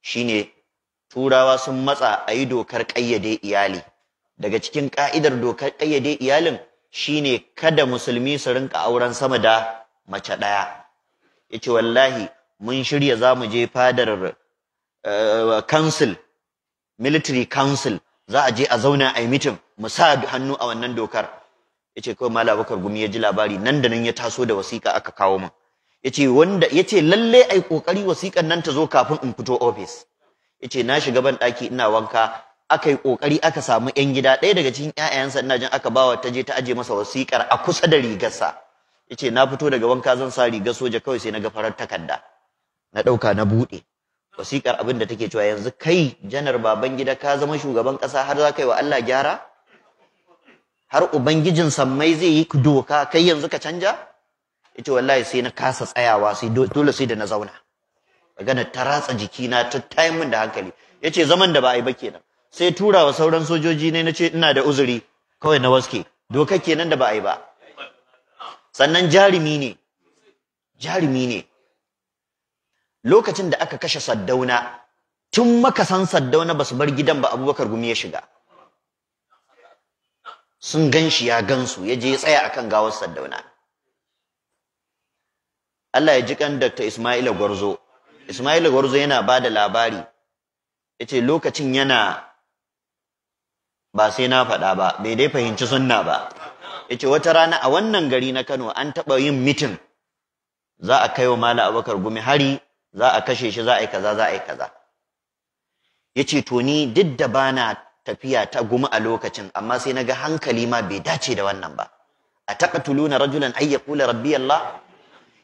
shine turawa sun matsa a yi dokar ƙayyade iyali daga cikin ka'idar dokar ƙayyade iyalin shine kada musulmi su rinka auren sama da mace ɗaya yace wallahi mun shirya za mu je fadar eh, council, military council za a je a zauna a yi mitin mu sa hannu a wannan dokar yace kawai malam Abubakar Gumi ya ji labari nan da nan ya taso da wasiƙa aka kawo min yace wanda yace lalle ai kokari wasiƙan nan ta zo kafin in fito office yace na shiga ban daki ina wanka aka yi kokari aka samu yan gida ɗaya daga cikin ƴaƴansa ina jin aka bawa ta je ta aje masa wasiƙar a kusa da rigarsa yace na fito daga wanka zan sa rigar soja kawai sai na ga farar takarda na ɗauka na buɗe Wasikar abin da take cewa yanzu kai janar baban gida ka zama shugaban ƙasa har za ka wa Allah gyara har ubangijin sammai zai yi doka kai yanzu ka canja ita wallahi sai na kasa tsayawa sai dole sai da na zauna magana ta ratsa jikina ta tayin da hankali yace zaman da ba a yi ba kenan sai tura wa sauran sojoji ne nace ina da uzuri kawai na waske doka kenan da ba a yi ba sannan jarumi ne jarumi ne lokacin da aka kashe saddauna tun makasan saddauna ba su bar gidan ba abubakar gumi ya shiga sun gan shi ya gansu ya je ya tsaya akan gawar saddauna Allah ya ji kan Dr. Ismaila Gwarzo Ismaila Gwarzo yana ba da labari ya ce lokacin yana ba sai na faɗa ba bai dai fahimci sunna ba ya ce wata rana a wannan gari na Kano an taɓa yin mitin za a kai wa Malam Abubakar Gumi hari za a kashe shi za a yi kaza za a yi kaza yace to ni duk da bana tafiya ta gumi a lokacin amma sai na ga hankali ma bai dace da wannan ba a na rajulan ay yaqula rabbi allah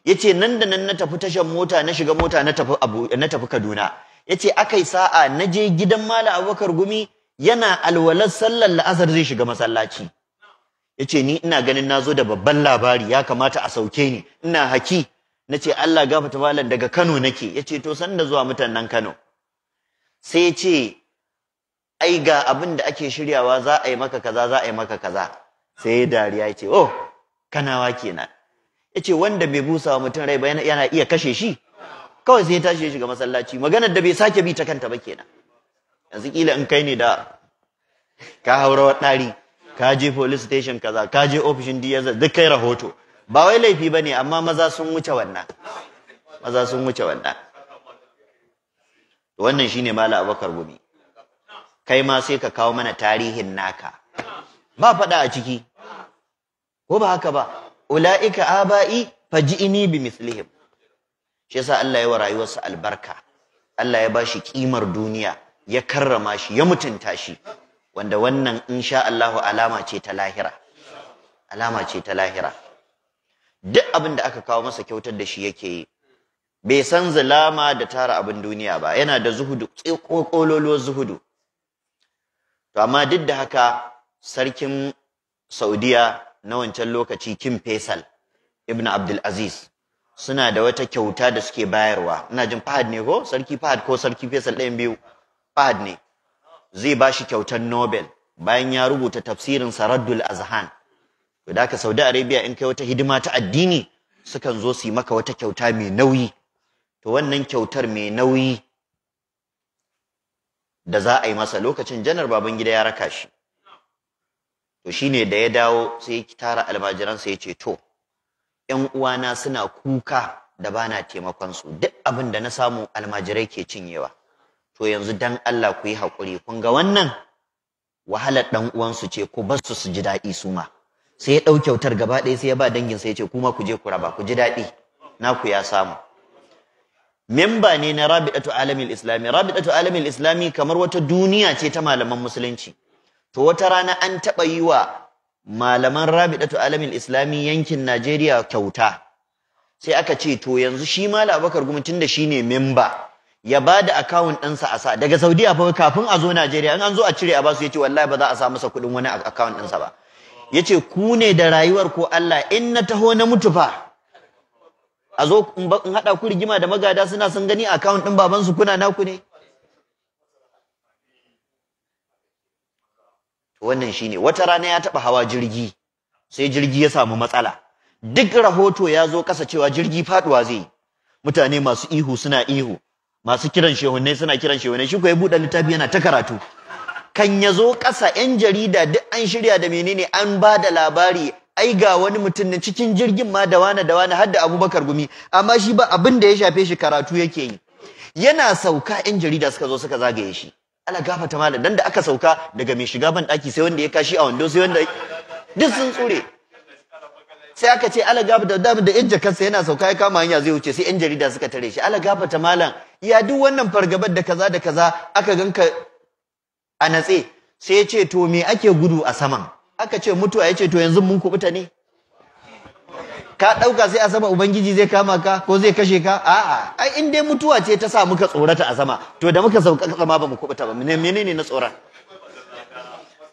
yace nan da nan na tafi tashan mota na shiga mota na tafi abu na tafi kaduna yace akai sa'a na je gidan malam abubakar gumi yana alwalar sallar la'azar zai shiga masallaci yace ni ina ganin na zo da babban labari ya kamata a sauke ni ina haki nace Allah gafata malam daga Kano nake Ya ce to san da zuwa mutanen Kano sai yace ai ga abin da ake shiryawa za a yi maka kaza za a yi maka kaza sai dariya yace oh kanawa kenan yace wanda bai busa wa mutum rai ba yana iya kashe shi kawai sai ya tashi ya shiga masallaci maganar da bai sake bi ta kanta ba kenan yanzu kila in kai ne da ka haura wa ɗari ka je police station kaza ka je ofishin diyaza. duk kai rahoto ba wai laifi ba ne amma maza sun wuce wannan maza sun wuce wannan wannan shine mala abokar gumi kai ma sai ka kawo mana tarihin naka ba faɗa a ciki ko ba haka ba ula'ika aba'i faji'ini bi mislihim shi yasa Allah ya wa rayuwarsa albarka Allah ya bashi kimar duniya ya karrama shi ya mutunta shi wanda wannan insha Allahu alama ce ta lahira alama ce ta lahira duk abin da aka kawo masa kyautar da shi yake yi bai san zulama da tara abin duniya ba yana da zuhudu kololo zuhudu to amma duk da haka sarkin saudiya na wancan lokaci kim faisal ibn abdul aziz suna da wata kyauta da suke bayarwa ina jin fahad ne ko sarki fahad ko sarki faisal ɗayan biyu fahad ne zai ba shi kyautar nobel bayan ya rubuta tafsirin saraddul azhan to da haka Saudi Arabia in kai wata hidima ta addini sukan zo su yi maka wata kyauta mai nauyi to wannan kyautar mai nauyi da za a yi masa lokacin janar baban gida ya raka shi to shine da ya dawo sai ya tara almajiransu ya ce to ƴan uwana suna kuka da bana taimakon su duk abin da na samu almajirai ke cinyewa to yanzu dan Allah ku yi hakuri kun ga wannan wahalar ɗan uwansu ce ko basu su ji daɗi su ma sai ya ɗau kyautar gaba ɗaya sai ya ba dangin sai ya ce kuma ku je ku raba ku ji daɗi ku ya samu memba ne na rabidatu alamil islami rabidatu alamil islami kamar wata duniya ce ta malaman musulunci to wata rana an taɓa yi wa malaman rabidatu alamil islami yankin najeriya kyauta sai aka ce to yanzu shi mala abakar gumi tunda shi ne memba ya ba da akawun ɗansa a sa daga saudiya fa kafin a zo najeriya in an zo a cire a basu ya ce wallahi ba za a sa masa kuɗin wani akawun ɗinsa ba Ya ce ku ne da rayuwar ko Allah in na taho na mutu fa a zo in hada ku rigima da magada suna sun gani akawun din babansu, kuna naku ne wannan shine wata rana ya taba hawa jirgi sai jirgi ya samu matsala duk rahoto ya zo kasa cewa jirgi faduwa zai mutane masu ihu suna ihu masu kiran shehunai suna kiran shehunai shi ko ya buɗe littafi yana ta karatu kan ya zo ƙasa 'yan jarida duk an shirya da menene an ba da labari ai ga wani mutum na cikin jirgin ma da wani da wani har da abubakar gumi amma shi ba abin da ya shafe shi karatu yake yi yana sauka 'yan jarida suka zo suka zagaye shi ala gafata malam dan da aka sauka daga mai shiga ban ɗaki sai wanda ya kashi a wando sai wanda duk sun tsure sai aka ce ala gafata da da yan jakarsa yana sauka ya kama hanya zai wuce sai 'yan jarida suka tare shi ala gafata malam ya duk wannan fargabar da kaza da kaza aka ganka a natse sai ya ce to me ake gudu a saman aka ce mutuwa ya ce to yanzu mun kubuta ne ka ɗauka sai a sama ubangiji zai kama ka ko zai kashe ka a'a ai in dai mutuwa ce ta sa muka tsorata a sama to da muka sauka sama ba mu kubuta ba menene na tsoron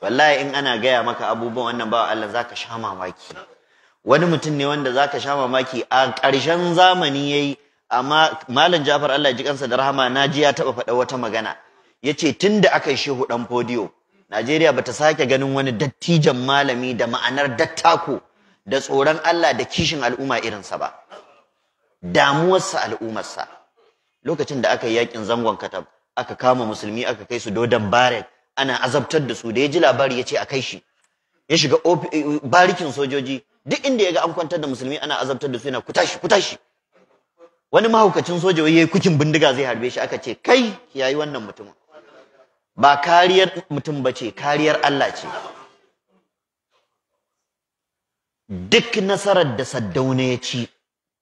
wallahi in ana gaya maka abubuwan wannan ba Allah zaka sha mamaki wani mutum ne wanda zaka sha mamaki a ƙarshen zamani yayi amma malam Jafar Allah ya ji kansa da rahama naji ya taɓa faɗa wata magana ya yace da aka yi shehu ɗan fodiyo Najeriya bata sake ganin wani dattijan malami da ma'anar dattako da tsoron Allah da kishin al'umma irinsa ba damuwarsa al'ummarsa lokacin da aka yi yakin zangon katab aka kama musulmi aka kai su dodon barek ana azabtar da su da ya ji labari ya ce a kai shi ya shiga barikin sojoji duk inda ya ga an kwantar da musulmi ana azabtar da su yana kutashi kutashi wani mahaukacin soja ya yi kukin bindiga zai harbe shi aka ce kai yayi wannan mutumin ba kariyar mutum ba ce kariyar Allah ce duk nasarar da saddauna ya ci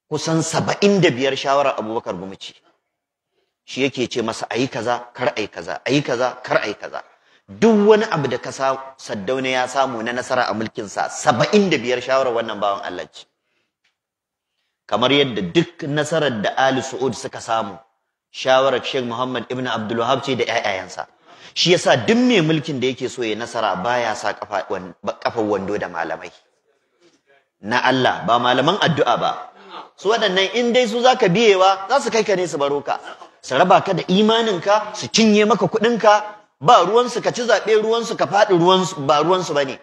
kusan saba'in da biyar shawarar abubakar ba mace shi yake ce masa ayi kaza kar ayi kaza ayi kaza kar ayi kaza duk wani abu da ka saddauna ya samu na nasara a mulkinsa saba'in da biyar shawarar wannan bawan Allah ce kamar yadda duk nasarar da Ali Su'ud suka samu shawarar Sheikh Muhammad Ibn Abdul ce da ƴaƴayensa shi yasa duk mai mulkin da yake so ya nasara baya sa kafa kafar wando da malamai na Allah ba malaman addu'a ba su waɗannan in dai su zaka biyewa za su kai ka ne su baro ka su raba ka da imanin ka su cinye maka ka, ba ruwansu ka ci zaɓe su ka fadi ruwan su ba ruwan su bane.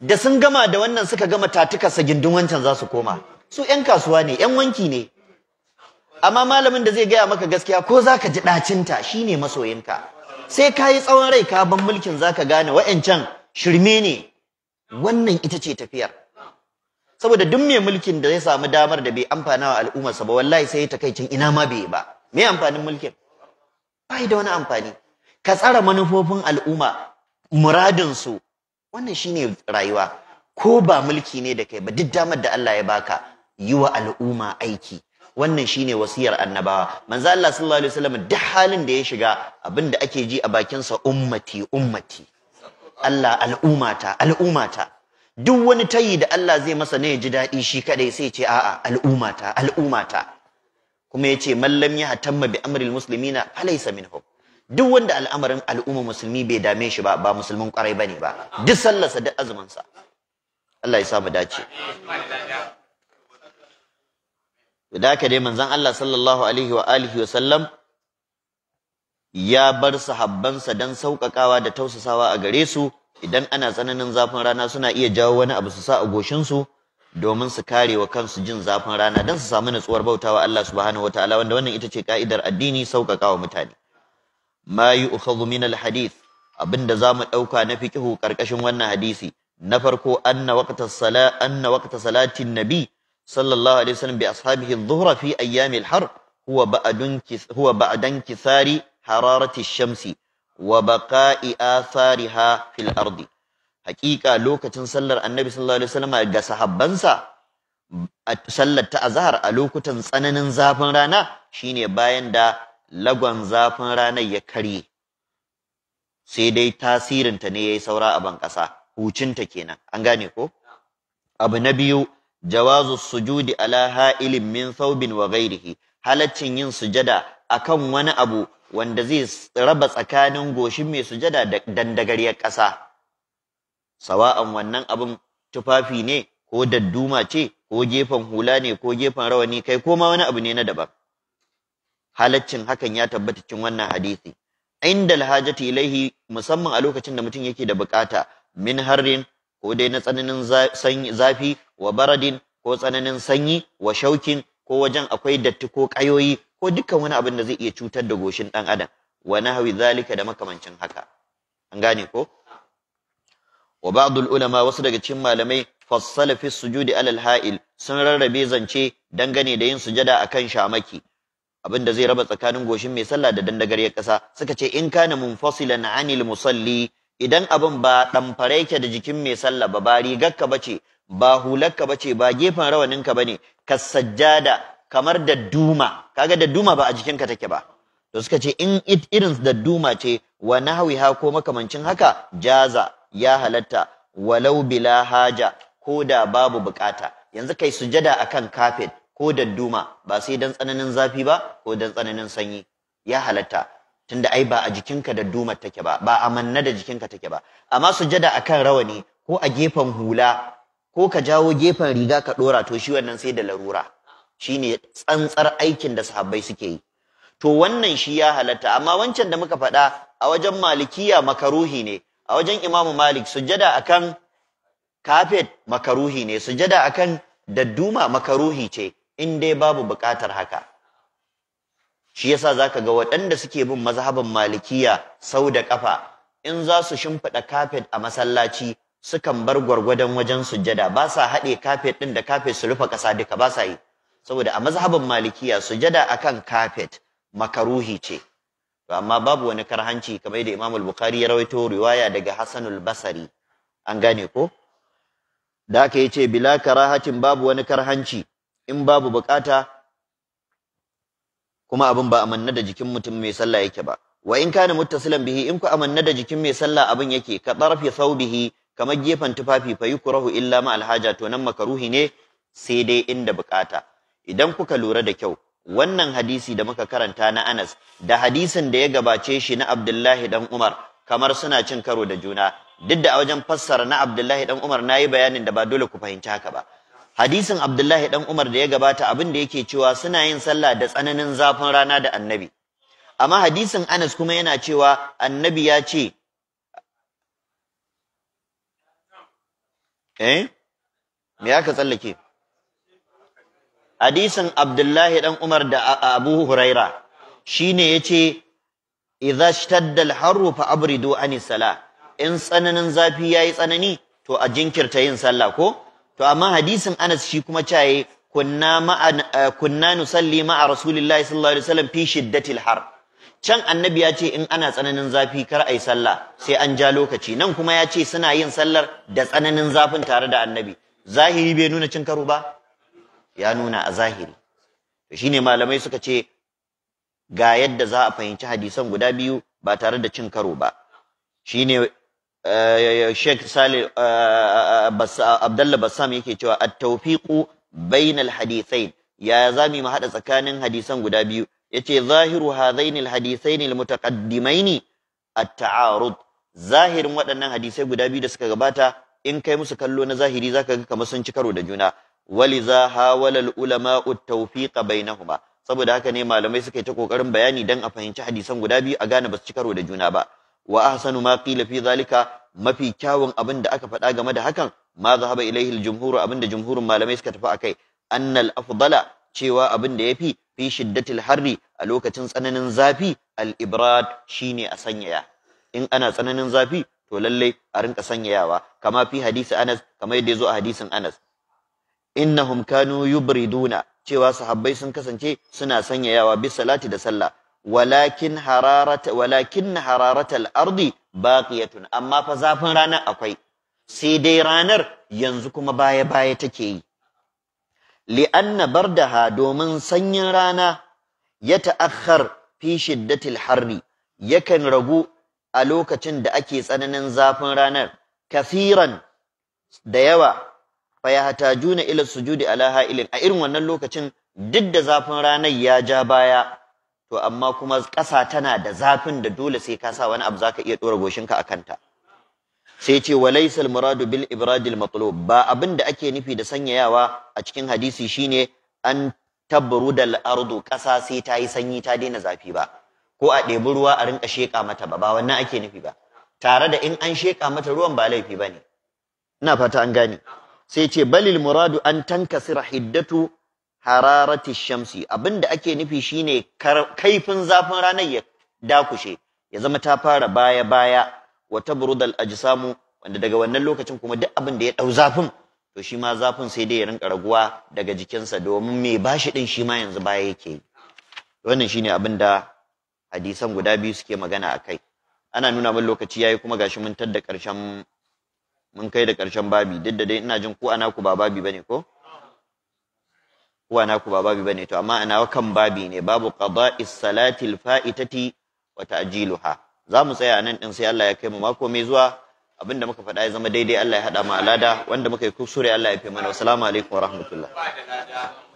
da sun gama da wannan suka gama sa gindin wancan za su koma su 'yan kasuwa ne 'yan wanki ne amma malamin da zai gaya maka gaskiya ko zaka ka ji ɗacinta shine masoyinka sai ka yi tsawon rai ka ban mulkin za ka gane wa'ancan shirme ne wannan ita ce tafiyar saboda duk mai mulkin da zai samu damar da bai amfana wa al'ummarsa ba wallahi sai kai takaicin ina ma bai ba me amfanin mulkin bai da wani amfani ka tsara manufofin al'umma muradinsu wannan shine rayuwa ko ba mulki ne da kai ba duk damar da Allah ya baka yi wa al'umma aiki wannan shine wasiyar annabawa manzo Allah sallallahu alaihi wasallam duk halin da ya shiga abinda ake ji a bakin sa ummati ummati Allah al'umata al'umata duk wani tayi da Allah zai masa ne ya ji daɗi shi kadai sai ce a'a al'umata al'umata kuma yace mallam ya hatamma bi amril muslimina alaysa minhum duk wanda al'amarin al'umma musulmi bai dame shi ba ba musulmin kwarai bane ba duk sallarsa duk azumin sa Allah ya sa mu dace to da haka dai manzon Allah sallallahu alaihi wa alihi wa sallam ya bar sahabbansa dan sauƙaƙawa da tausasawa a gare su idan ana tsananin zafin rana suna iya jawo wani abu su sa a goshin su domin su kare wa kansu jin zafin rana dan su samu natsuwar bautawa Allah subhanahu wataala wanda wannan ita ce ka'idar addini sauƙaƙawa mutane ma yu'khadhu min hadis, abinda zamu dauka na fiqhu karkashin wannan hadisi na farko anna waqtas sala anna waqta salatin nabi sallallahu alaihi wasallam bi ashabihi zuhra dhuhra fi ayyami har huwa ba'dun huwa ba'dan kithari hararati ash-shamsi wa baqa'i athariha fil ardi Haƙiƙa lokacin sallar annabi sallallahu alaihi wasallam ga sahabbansa sallar ta azhar a lokutan tsananin zafin rana shine bayan da lagon zafin rana ya karye sai dai tasirinta ne yayi saura a banƙasa. kasa hucinta kenan an gane ko abu na biyu jawazu sujudi ala ha'ilin min thawbin wa ghairihi halaccin yin sujada akan wani abu wanda zai raba tsakanin goshin mai sujada da dandagaryar ƙasa sawa'an wannan abun tufafi ne ko dadduma ce ko gefen hula ne ko gefen rawani kai ko ma wani abu ne na daban halaccin hakan ya tabbata cikin wannan hadisi inda alhajati ilaihi musamman a lokacin da mutum yake da bukata min harrin ko dai na tsananin zafi wa baradin ko tsananin sanyi wa shaukin ko wajen akwai datti ko kayoyi ko dukkan wani abin da zai iya cutar da goshin ɗan adam wa nahwi zalika da makamancin haka an gane ko wa al ulama wasu daga cikin malamai fassala fi sujudi alal ha'il sun rarrabe zance dangane da yin sujada akan shamaki Abin da zai raba tsakanin goshin mai sallah da dandagar ya kasa suka ce in kana munfasilan anil musalli idan abin ba ɗamfare yake da jikin mai sallah ba ba rigarka bace ba hularka bace ba gefen rawaninka ba ne, ka sajjada kamar da duma kaga da duma ba a jikinka take ba to suka ce in irin da duma ce wa ha ko makamancin haka jaza ya halatta walau bila haja ko da babu bukata yanzu kai sujada akan kafet ko da duma ba sai dan tsananin zafi ba ko don tsananin sanyi ya halatta tunda ai ba a jikinka da dumar take ba ba a manna da jikinka take ba amma sujada akan rawani ko a gefen hula ko ka jawo gefen riga ka dora to shi wannan sai da larura shine tsantsar aikin da sahabbai suke yi to wannan shi ya halatta amma wancan da muka faɗa a wajen malikiya makaruhi ne a wajen imamu malik sujada akan kafet makaruhi ne sujada akan dadduma makaruhi ce in dai babu bukatar haka shi yasa zaka ga waɗanda suke bin mazhabin malikiya sau da kafa in za su shimfiɗa kafet a masallaci sukan bar gwargwadon wajen sujjada ba sa haɗe kafet ɗin da kafet su rufe ƙasa duka ba sa yi saboda a mazhaban malikiya sujjada akan kafet makaruhi ce to amma babu wani karhanci kamar da Imam al-Bukhari ya rawaito riwaya daga Hasan al-Basri an gane ko da aka yace bila karahatin babu wani karhanci in babu bukata kuma abin ba amanna da jikin mutum mai sallah yake ba wa in kana muttasilan bihi in ku amanna da jikin mai sallah abin yake ka tarfi thawbihi kamar gefen tufafi fa yukrahu illa ma alhaja to nan makaruhi ne sai dai inda bukata idan kuka lura da kyau wannan hadisi da muka karanta na Anas da hadisin da ya gabace shi na Abdullahi dan Umar kamar suna cin karo da juna duk da a wajen fassara na Abdullahi dan Umar nayi bayanin da ba dole ku fahimci haka ba hadisin Abdullahi dan Umar da ya gabata abinda yake cewa suna yin sallah da tsananin zafin rana da annabi amma hadisin Anas kuma yana cewa annabi ya ce eh me aka tsallake hadisin Abdullahi dan Umar da Abu Huraira shine yace idza shtadda al-harru fa abridu anis sala in tsananin zafi yayi tsanani to a jinkirta yin sallah ko to amma hadisin Anas shi kuma caye kunna ma'a kunna nusalli ma'a Rasulullahi sallallahu alaihi wasallam fi shiddatil har can annabi ya ce in ana tsananin zafi kar ai sallah sai an ja lokaci nan kuma ya ce suna yin sallar da tsananin zafin tare da annabi zahiri bai nuna cin karo ba ya nuna a zahiri to shine malamai suka ce ga yadda za a fahimci hadisan guda biyu ba tare da cin karo ba shine Eh, Sheikh Sali eh, eh, Abdullah Bassam yake cewa at-tawfiqu bainal hadithain ya zami mu hada tsakanin hadisan guda biyu yace zahiru hadaini al-hadithain al-mutaqaddimain at-ta'arud zahirin waɗannan hadisai guda biyu da suka gabata in kai musu kallo na zahiri zaka ga kamar sun ci karo da juna waliza hawala al-ulama'u at-tawfiqa bainahuma saboda haka ne malamai suka yi ta kokarin bayani dan a fahimci hadisan guda biyu a gane ba su ci karo da juna ba wa ahsanu ma qila fi zalika mafi kyawun abin da aka faɗa game da hakan ma zahaba ilaihi al-jumhur abin da malamai suka tafi akai annal afdala cewa abin da yafi fi shiddatil harri a lokacin tsananin zafi al-ibrad shine a sanyaya in ana tsananin zafi to lallai a rinka sanyayawa kama fi hadisi Anas kamar yadda yazo a hadisin Anas innahum kanu yubriduna cewa sahabbai sun kasance suna sanyayawa bi salati da sallah walakin hararata walakin al ardi baqiyatun amma fa zafin ranar akwai sai dai ranar yanzu kuma baya baya take yi anna bardaha domin sanyin rana ya ta'akhkhar fi shiddatil harri yakan ragu a lokacin da ake tsananin zafin ranar kafiran da yawa fa yahtajuna ila sujudi ala ha'ilin a irin wannan lokacin duk da zafin ranar ya ja baya to amma kuma ƙasa tana da zafin da dole sai ka sa wani abu zaka iya dora goshinka akan ta sai ce walaysa muradu bil ibradil matlub ba abin da ake nufi da sanyayawa a cikin hadisi shine an tabrudal ardu ƙasa sai ta yi sanyi ta daina zafi ba ko a ɗebi ruwa a rinka sheƙa mata ba ba wannan ake nufi ba tare da in an sheƙa mata ruwan ba laifi bane ina fata an gane sai ce balil muradu an tankasira hiddatu hararati shamsi abinda ake nufi shine kaifin zafin ranar ya dakushe ya zama ta fara baya baya wa tabrudal ajsamu wanda daga wannan lokacin kuma duk abin da ya dau zafin to shi ma zafin sai dai ya rinka raguwa daga jikinsa domin me bashi din shi ma yanzu baya yake yi wannan shine abinda hadisan guda biyu suke magana akai ana nuna min lokaci yayi kuma gashi mun tadda karshen mun kai da karshen babi duk da dai ina jin ku ana ku ba babi bane ko kuwa ku ba babi bane to amma ana kan babi ne babu qada'is salati al-fa'itati wa ta'jiluha za mu tsaya nan din sai Allah ya kai mu mako mai zuwa abinda muka faɗa ya zama daidai Allah ya hada mu alada wanda muka yi kusure Allah ya fi mana assalamu alaikum wa rahmatullah